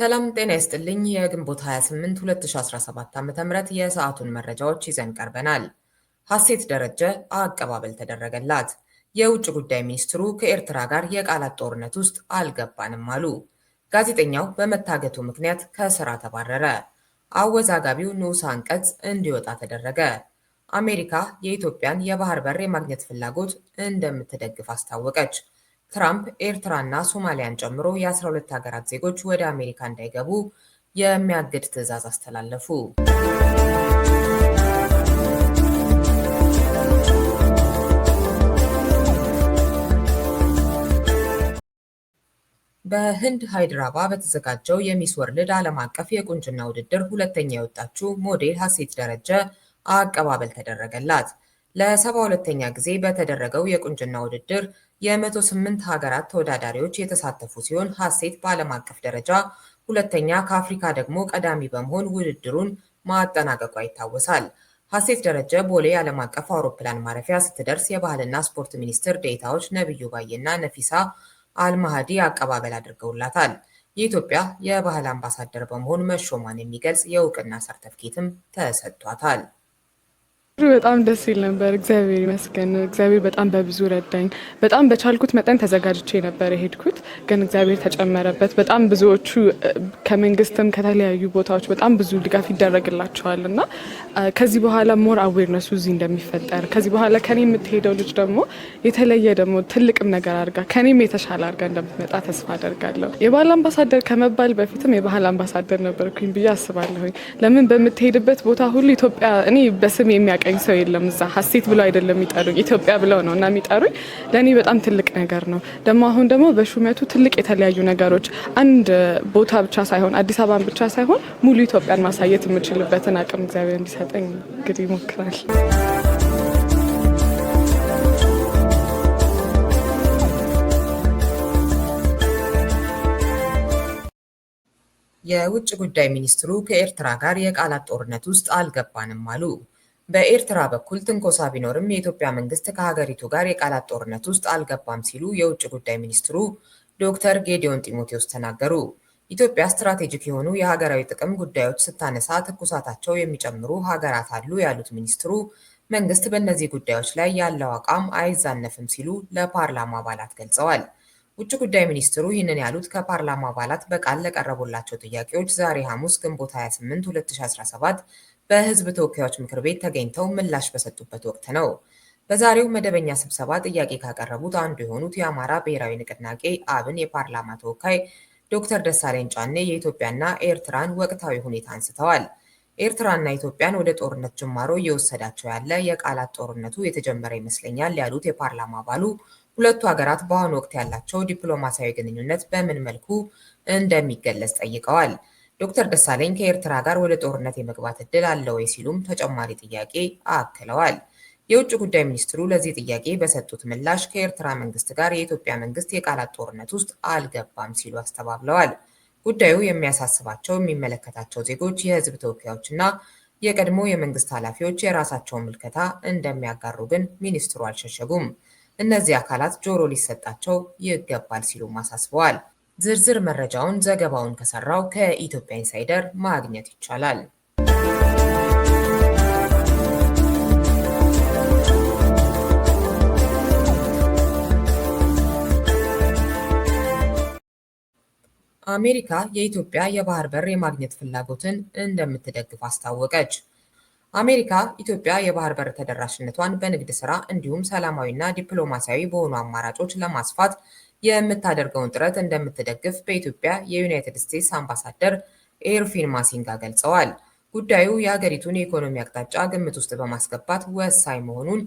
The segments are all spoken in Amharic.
ሰላም ጤና ይስጥልኝ። የግንቦት 28 2017 ዓ.ም የሰዓቱን መረጃዎች ይዘን ቀርበናል። ሀሴት ደረጀ አቀባበል ተደረገላት። የውጭ ጉዳይ ሚኒስትሩ ከኤርትራ ጋር የቃላት ጦርነት ውስጥ አልገባንም አሉ። ጋዜጠኛው በመታገቱ ምክንያት ከስራ ተባረረ። አወዛጋቢው ንዑስ አንቀጽ እንዲወጣ ተደረገ። አሜሪካ የኢትዮጵያን የባህር በር የማግኘት ፍላጎት እንደምትደግፍ አስታወቀች። ትራምፕ ኤርትራና ሶማሊያን ጨምሮ የ12 ሀገራት ዜጎች ወደ አሜሪካ እንዳይገቡ የሚያግድ ትዕዛዝ አስተላለፉ። በህንድ ሃይድራባ በተዘጋጀው የሚስ ወርልድ ዓለም አቀፍ የቁንጅና ውድድር ሁለተኛ የወጣችው ሞዴል ሀሴት ደረጀ አቀባበል ተደረገላት። ለሰባ ሁለተኛ ጊዜ በተደረገው የቁንጅና ውድድር የመቶ ስምንት ሀገራት ተወዳዳሪዎች የተሳተፉ ሲሆን ሀሴት በዓለም አቀፍ ደረጃ ሁለተኛ ከአፍሪካ ደግሞ ቀዳሚ በመሆን ውድድሩን ማጠናቀቋ ይታወሳል። ሀሴት ደረጀ ቦሌ ዓለም አቀፍ አውሮፕላን ማረፊያ ስትደርስ የባህልና ስፖርት ሚኒስትር ዴታዎች ነቢዩ ባዬና ነፊሳ አልማሃዲ አቀባበል አድርገውላታል። የኢትዮጵያ የባህል አምባሳደር በመሆን መሾሟን የሚገልጽ የእውቅና ሰርተፍኬትም ተሰጥቷታል። በጣም ደስ ይል ነበር። እግዚአብሔር ይመስገን። እግዚአብሔር በጣም በብዙ ረዳኝ። በጣም በቻልኩት መጠን ተዘጋጅቼ ነበር የሄድኩት፣ ግን እግዚአብሔር ተጨመረበት። በጣም ብዙዎቹ ከመንግስትም ከተለያዩ ቦታዎች በጣም ብዙ ድጋፍ ይደረግላቸዋል እና ከዚህ በኋላ ሞር አዌርነሱ እዚህ እንደሚፈጠር ከዚህ በኋላ ከኔ የምትሄደው ልጅ ደግሞ የተለየ ደግሞ ትልቅም ነገር አድርጋ ከኔም የተሻለ አድርጋ እንደምትመጣ ተስፋ አደርጋለሁ። የባህል አምባሳደር ከመባል በፊትም የባህል አምባሳደር ነበርኩኝ ብዬ አስባለሁኝ። ለምን በምትሄድበት ቦታ ሁሉ ኢትዮጵያ እኔ በስም የሚያቀ የሚያውቀኝ ሰው የለም። እዛ ሀሴት ብለው አይደለም የሚጠሩኝ ኢትዮጵያ ብለው ነው እና የሚጠሩኝ ለእኔ በጣም ትልቅ ነገር ነው። ደግሞ አሁን ደግሞ በሹመቱ ትልቅ የተለያዩ ነገሮች አንድ ቦታ ብቻ ሳይሆን አዲስ አበባን ብቻ ሳይሆን ሙሉ ኢትዮጵያን ማሳየት የምችልበትን አቅም እግዚአብሔር እንዲሰጠኝ እንግዲህ ይሞክራል። የውጭ ጉዳይ ሚኒስትሩ ከኤርትራ ጋር የቃላት ጦርነት ውስጥ አልገባንም አሉ። በኤርትራ በኩል ትንኮሳ ቢኖርም የኢትዮጵያ መንግስት ከሀገሪቱ ጋር የቃላት ጦርነት ውስጥ አልገባም ሲሉ የውጭ ጉዳይ ሚኒስትሩ ዶክተር ጌዲዮን ጢሞቴዎስ ተናገሩ። ኢትዮጵያ ስትራቴጂክ የሆኑ የሀገራዊ ጥቅም ጉዳዮች ስታነሳ ትኩሳታቸው የሚጨምሩ ሀገራት አሉ ያሉት ሚኒስትሩ መንግስት በእነዚህ ጉዳዮች ላይ ያለው አቋም አይዛነፍም ሲሉ ለፓርላማ አባላት ገልጸዋል። ውጭ ጉዳይ ሚኒስትሩ ይህንን ያሉት ከፓርላማ አባላት በቃል ለቀረቡላቸው ጥያቄዎች ዛሬ ሐሙስ ግንቦት 28 2017 በሕዝብ ተወካዮች ምክር ቤት ተገኝተው ምላሽ በሰጡበት ወቅት ነው። በዛሬው መደበኛ ስብሰባ ጥያቄ ካቀረቡት አንዱ የሆኑት የአማራ ብሔራዊ ንቅናቄ አብን የፓርላማ ተወካይ ዶክተር ደሳለኝ ጫኔ የኢትዮጵያና ኤርትራን ወቅታዊ ሁኔታ አንስተዋል። ኤርትራና ኢትዮጵያን ወደ ጦርነት ጅማሮ እየወሰዳቸው ያለ የቃላት ጦርነቱ የተጀመረ ይመስለኛል ያሉት የፓርላማ አባሉ ሁለቱ ሀገራት በአሁኑ ወቅት ያላቸው ዲፕሎማሲያዊ ግንኙነት በምን መልኩ እንደሚገለጽ ጠይቀዋል። ዶክተር ደሳለኝ ከኤርትራ ጋር ወደ ጦርነት የመግባት እድል አለ ወይ ሲሉም ተጨማሪ ጥያቄ አክለዋል። የውጭ ጉዳይ ሚኒስትሩ ለዚህ ጥያቄ በሰጡት ምላሽ ከኤርትራ መንግስት ጋር የኢትዮጵያ መንግስት የቃላት ጦርነት ውስጥ አልገባም ሲሉ አስተባብለዋል። ጉዳዩ የሚያሳስባቸው የሚመለከታቸው ዜጎች፣ የህዝብ ተወካዮችና የቀድሞ የመንግስት ኃላፊዎች የራሳቸውን ምልከታ እንደሚያጋሩ ግን ሚኒስትሩ አልሸሸጉም። እነዚህ አካላት ጆሮ ሊሰጣቸው ይገባል ሲሉም አሳስበዋል። ዝርዝር መረጃውን ዘገባውን ከሰራው ከኢትዮጵያ ኢንሳይደር ማግኘት ይቻላል። አሜሪካ የኢትዮጵያ የባህር በር የማግኘት ፍላጎትን እንደምትደግፍ አስታወቀች። አሜሪካ ኢትዮጵያ የባህር በር ተደራሽነቷን በንግድ ስራ እንዲሁም ሰላማዊና ዲፕሎማሲያዊ በሆኑ አማራጮች ለማስፋት የምታደርገውን ጥረት እንደምትደግፍ በኢትዮጵያ የዩናይትድ ስቴትስ አምባሳደር ኤርቪን ማሲንጋ ገልጸዋል። ጉዳዩ የሀገሪቱን የኢኮኖሚ አቅጣጫ ግምት ውስጥ በማስገባት ወሳኝ መሆኑን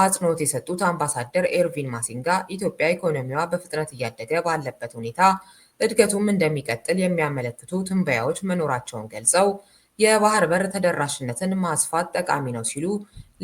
አጽንኦት የሰጡት አምባሳደር ኤርቪን ማሲንጋ ኢትዮጵያ ኢኮኖሚዋ በፍጥነት እያደገ ባለበት ሁኔታ እድገቱም እንደሚቀጥል የሚያመለክቱ ትንበያዎች መኖራቸውን ገልጸው የባህር በር ተደራሽነትን ማስፋት ጠቃሚ ነው ሲሉ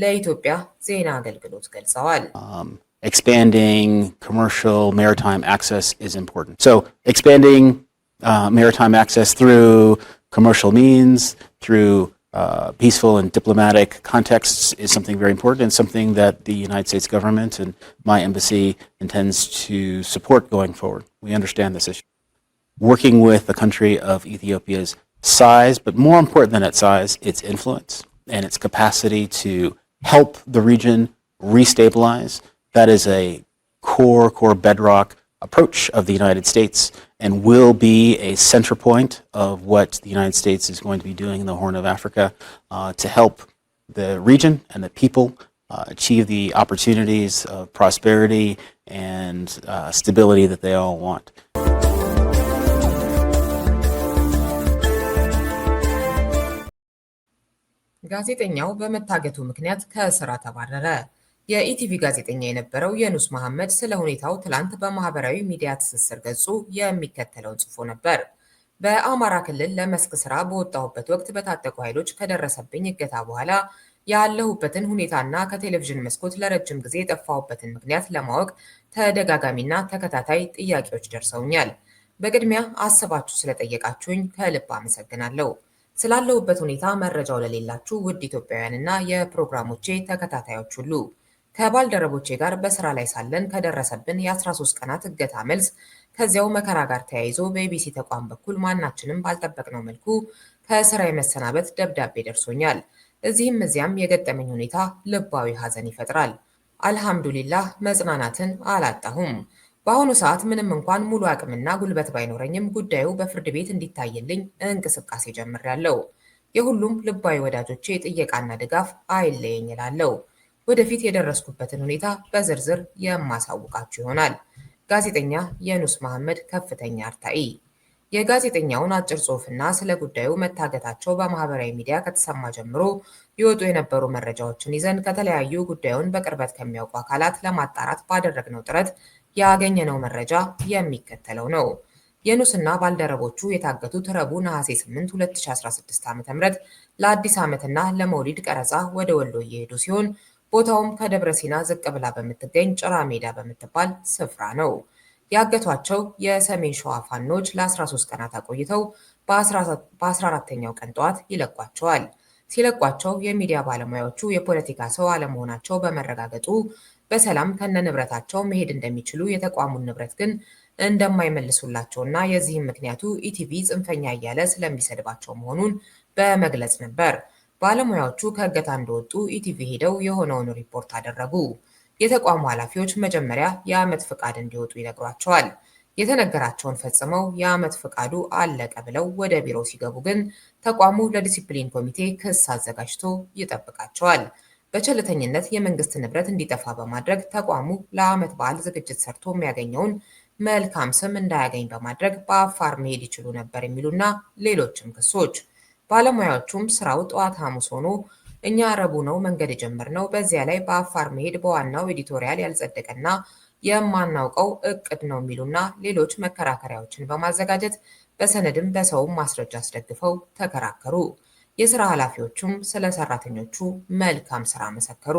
ለኢትዮጵያ ዜና አገልግሎት ገልጸዋል። um, expanding commercial maritime access is important. So expanding uh, maritime access through commercial means, through uh, peaceful and diplomatic contexts is something very important and something that the United States government and my embassy intends to support going forward. We understand this issue. Working with a country of Ethiopia's size, but more important than its size, its influence and its capacity to help the region restabilize that is a core, core bedrock approach of the United States and will be a center point of what the United States is going to be doing in the Horn of Africa uh, to help the region and the people uh, achieve the opportunities of prosperity and uh, stability that they all want. ጋዜጠኛው በመታገቱ ምክንያት ከስራ ተባረረ። የኢቲቪ ጋዜጠኛ የነበረው የኑስ መሐመድ ስለ ሁኔታው ትላንት በማህበራዊ ሚዲያ ትስስር ገጹ የሚከተለውን ጽፎ ነበር። በአማራ ክልል ለመስክ ስራ በወጣሁበት ወቅት በታጠቁ ኃይሎች ከደረሰብኝ እገታ በኋላ ያለሁበትን ሁኔታና ከቴሌቪዥን መስኮት ለረጅም ጊዜ የጠፋሁበትን ምክንያት ለማወቅ ተደጋጋሚና ተከታታይ ጥያቄዎች ደርሰውኛል። በቅድሚያ አስባችሁ ስለጠየቃችሁኝ ከልብ አመሰግናለሁ። ስላለሁበት ሁኔታ መረጃው ለሌላችሁ ውድ ኢትዮጵያውያንና የፕሮግራሞቼ ተከታታዮች ሁሉ ከባልደረቦቼ ጋር በስራ ላይ ሳለን ከደረሰብን የ13 ቀናት እገታ መልስ ከዚያው መከራ ጋር ተያይዞ በኢቢሲ ተቋም በኩል ማናችንም ባልጠበቅነው መልኩ ከስራ የመሰናበት ደብዳቤ ደርሶኛል። እዚህም እዚያም የገጠመኝ ሁኔታ ልባዊ ሐዘን ይፈጥራል። አልሐምዱሊላህ መጽናናትን አላጣሁም። በአሁኑ ሰዓት ምንም እንኳን ሙሉ አቅምና ጉልበት ባይኖረኝም ጉዳዩ በፍርድ ቤት እንዲታይልኝ እንቅስቃሴ ጀምሬያለሁ። የሁሉም ልባዊ ወዳጆቼ ጥየቃና ድጋፍ አይለየኝ እላለሁ። ወደፊት የደረስኩበትን ሁኔታ በዝርዝር የማሳውቃችሁ ይሆናል። ጋዜጠኛ የኑስ መሐመድ ከፍተኛ አርታኢ። የጋዜጠኛውን አጭር ጽሑፍና ስለ ጉዳዩ መታገታቸው በማህበራዊ ሚዲያ ከተሰማ ጀምሮ ይወጡ የነበሩ መረጃዎችን ይዘን ከተለያዩ ጉዳዩን በቅርበት ከሚያውቁ አካላት ለማጣራት ባደረግነው ጥረት ያገኘነው መረጃ የሚከተለው ነው። የኑስና ባልደረቦቹ የታገቱት ረቡዕ ነሐሴ 8 2016 ዓ.ም ለአዲስ ዓመትና ለመውሊድ ቀረጻ ወደ ወሎ እየሄዱ ሲሆን ቦታውም ከደብረ ሲና ዝቅ ብላ በምትገኝ ጭራ ሜዳ በምትባል ስፍራ ነው። ያገቷቸው የሰሜን ሸዋ ፋኖች ለ13 ቀናት አቆይተው በ 14 ተኛው ቀን ጠዋት ይለቋቸዋል። ሲለቋቸው የሚዲያ ባለሙያዎቹ የፖለቲካ ሰው አለመሆናቸው በመረጋገጡ በሰላም ከነ ንብረታቸው መሄድ እንደሚችሉ የተቋሙን ንብረት ግን እንደማይመልሱላቸውና የዚህም ምክንያቱ ኢቲቪ ጽንፈኛ እያለ ስለሚሰድባቸው መሆኑን በመግለጽ ነበር። ባለሙያዎቹ ከእገታ እንደወጡ ኢቲቪ ሄደው የሆነውን ሪፖርት አደረጉ። የተቋሙ ኃላፊዎች መጀመሪያ የዓመት ፍቃድ እንዲወጡ ይነግሯቸዋል። የተነገራቸውን ፈጽመው የዓመት ፍቃዱ አለቀ ብለው ወደ ቢሮ ሲገቡ ግን ተቋሙ ለዲሲፕሊን ኮሚቴ ክስ አዘጋጅቶ ይጠብቃቸዋል። በቸልተኝነት የመንግስት ንብረት እንዲጠፋ በማድረግ ተቋሙ ለዓመት በዓል ዝግጅት ሰርቶ የሚያገኘውን መልካም ስም እንዳያገኝ በማድረግ በአፋር መሄድ ይችሉ ነበር የሚሉና ሌሎችም ክሶች ባለሙያዎቹም ስራው ጠዋት ሐሙስ ሆኖ እኛ አረቡ ነው መንገድ የጀመርነው በዚያ ላይ በአፋር መሄድ በዋናው ኤዲቶሪያል ያልጸደቀና የማናውቀው እቅድ ነው የሚሉና ሌሎች መከራከሪያዎችን በማዘጋጀት በሰነድም በሰውም ማስረጃ አስደግፈው ተከራከሩ። የስራ ኃላፊዎቹም ስለ ሰራተኞቹ መልካም ስራ መሰከሩ።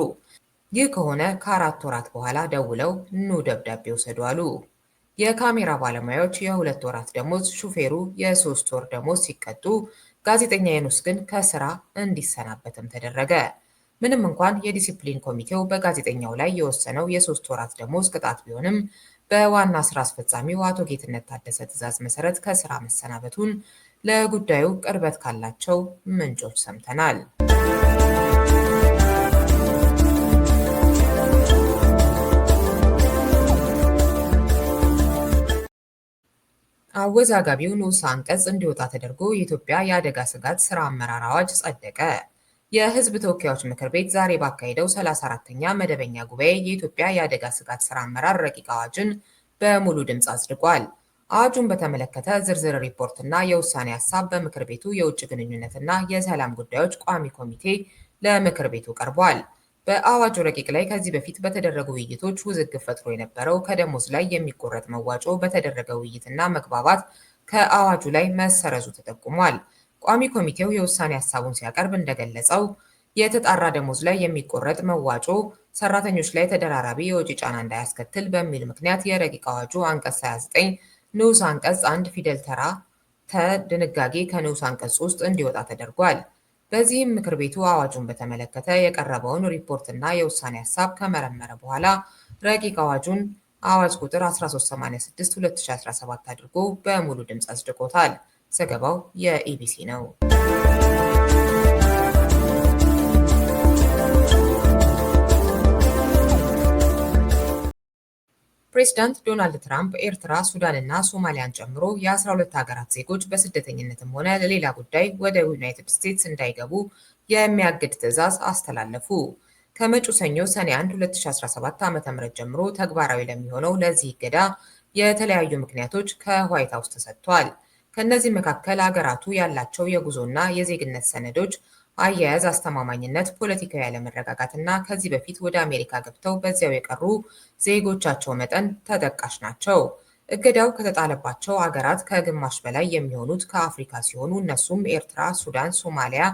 ይህ ከሆነ ከአራት ወራት በኋላ ደውለው ኑ ደብዳቤ ውሰዱ አሉ። የካሜራ ባለሙያዎች የሁለት ወራት ደሞዝ፣ ሹፌሩ የሶስት ወር ደሞዝ ሲቀጡ ጋዜጠኛ የኑስ ግን ከስራ እንዲሰናበትም ተደረገ። ምንም እንኳን የዲሲፕሊን ኮሚቴው በጋዜጠኛው ላይ የወሰነው የሶስት ወራት ደሞዝ ቅጣት ቢሆንም በዋና ስራ አስፈጻሚው አቶ ጌትነት ታደሰ ትዕዛዝ መሰረት ከስራ መሰናበቱን ለጉዳዩ ቅርበት ካላቸው ምንጮች ሰምተናል። አወዛጋቢው ንዑስ አንቀጽ እንዲወጣ ተደርጎ የኢትዮጵያ የአደጋ ስጋት ሥራ አመራር አዋጅ ጸደቀ። የህዝብ ተወካዮች ምክር ቤት ዛሬ ባካሄደው 34 ተኛ መደበኛ ጉባኤ የኢትዮጵያ የአደጋ ስጋት ሥራ አመራር ረቂቅ አዋጅን በሙሉ ድምፅ አጽድቋል። አዋጁን በተመለከተ ዝርዝር ሪፖርትና የውሳኔ ሀሳብ በምክር ቤቱ የውጭ ግንኙነትና የሰላም ጉዳዮች ቋሚ ኮሚቴ ለምክር ቤቱ ቀርቧል። በአዋጁ ረቂቅ ላይ ከዚህ በፊት በተደረጉ ውይይቶች ውዝግብ ፈጥሮ የነበረው ከደሞዝ ላይ የሚቆረጥ መዋጮ በተደረገ ውይይትና መግባባት ከአዋጁ ላይ መሰረዙ ተጠቁሟል። ቋሚ ኮሚቴው የውሳኔ ሀሳቡን ሲያቀርብ እንደገለጸው የተጣራ ደሞዝ ላይ የሚቆረጥ መዋጮ ሰራተኞች ላይ ተደራራቢ የወጪ ጫና እንዳያስከትል በሚል ምክንያት የረቂቅ አዋጁ አንቀጽ 29 ንዑስ አንቀጽ አንድ ፊደል ተራ ተ ድንጋጌ ከንዑስ አንቀጽ ውስጥ እንዲወጣ ተደርጓል። በዚህም ምክር ቤቱ አዋጁን በተመለከተ የቀረበውን ሪፖርትና የውሳኔ ሀሳብ ከመረመረ በኋላ ረቂቅ አዋጁን አዋጅ ቁጥር 1386/2017 አድርጎ በሙሉ ድምፅ አጽድቆታል። ዘገባው የኢቢሲ ነው። ፕሬዚዳንት ዶናልድ ትራምፕ ኤርትራ፣ ሱዳን እና ሶማሊያን ጨምሮ የ12 ሀገራት ዜጎች በስደተኝነትም ሆነ ለሌላ ጉዳይ ወደ ዩናይትድ ስቴትስ እንዳይገቡ የሚያግድ ትዕዛዝ አስተላለፉ። ከመጪው ሰኞ ሰኔ 1 2017 ዓ.ም ጀምሮ ተግባራዊ ለሚሆነው ለዚህ እገዳ የተለያዩ ምክንያቶች ከዋይት ሀውስ ተሰጥቷል። ከእነዚህ መካከል ሀገራቱ ያላቸው የጉዞና የዜግነት ሰነዶች አያያዝ አስተማማኝነት ፖለቲካዊ አለመረጋጋት እና ከዚህ በፊት ወደ አሜሪካ ገብተው በዚያው የቀሩ ዜጎቻቸው መጠን ተጠቃሽ ናቸው። እገዳው ከተጣለባቸው አገራት ከግማሽ በላይ የሚሆኑት ከአፍሪካ ሲሆኑ እነሱም ኤርትራ፣ ሱዳን፣ ሶማሊያ፣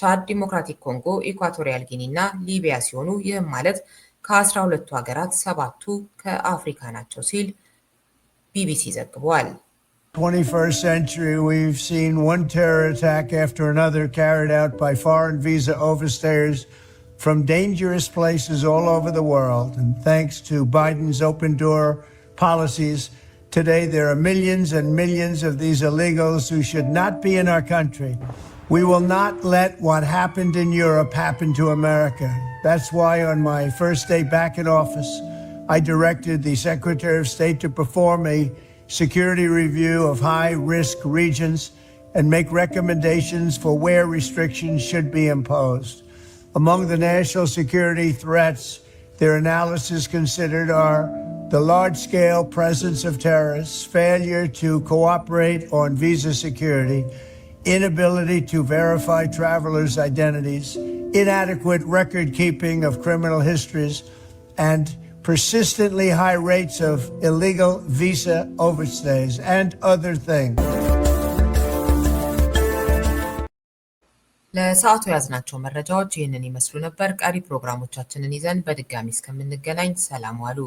ቻድ፣ ዲሞክራቲክ ኮንጎ፣ ኢኳቶሪያል ጊኒ እና ሊቢያ ሲሆኑ ይህም ማለት ከአስራ ሁለቱ ሀገራት ሰባቱ ከአፍሪካ ናቸው ሲል ቢቢሲ ዘግቧል። 21st century, we've seen one terror attack after another carried out by foreign visa overstayers from dangerous places all over the world. And thanks to Biden's open door policies, today there are millions and millions of these illegals who should not be in our country. We will not let what happened in Europe happen to America. That's why on my first day back in office, I directed the Secretary of State to perform a security review of high risk regions and make recommendations for where restrictions should be imposed. Among the national security threats, their analysis considered are the large scale presence of terrorists, failure to cooperate on visa security, inability to verify travelers' identities, inadequate record keeping of criminal histories, and persistently high rates of illegal visa overstays, and other things. ለሰዓቱ ያዝናቸው መረጃዎች ይህንን ይመስሉ ነበር። ቀሪ ፕሮግራሞቻችንን ይዘን በድጋሚ እስከምንገናኝ ሰላም ዋሉ።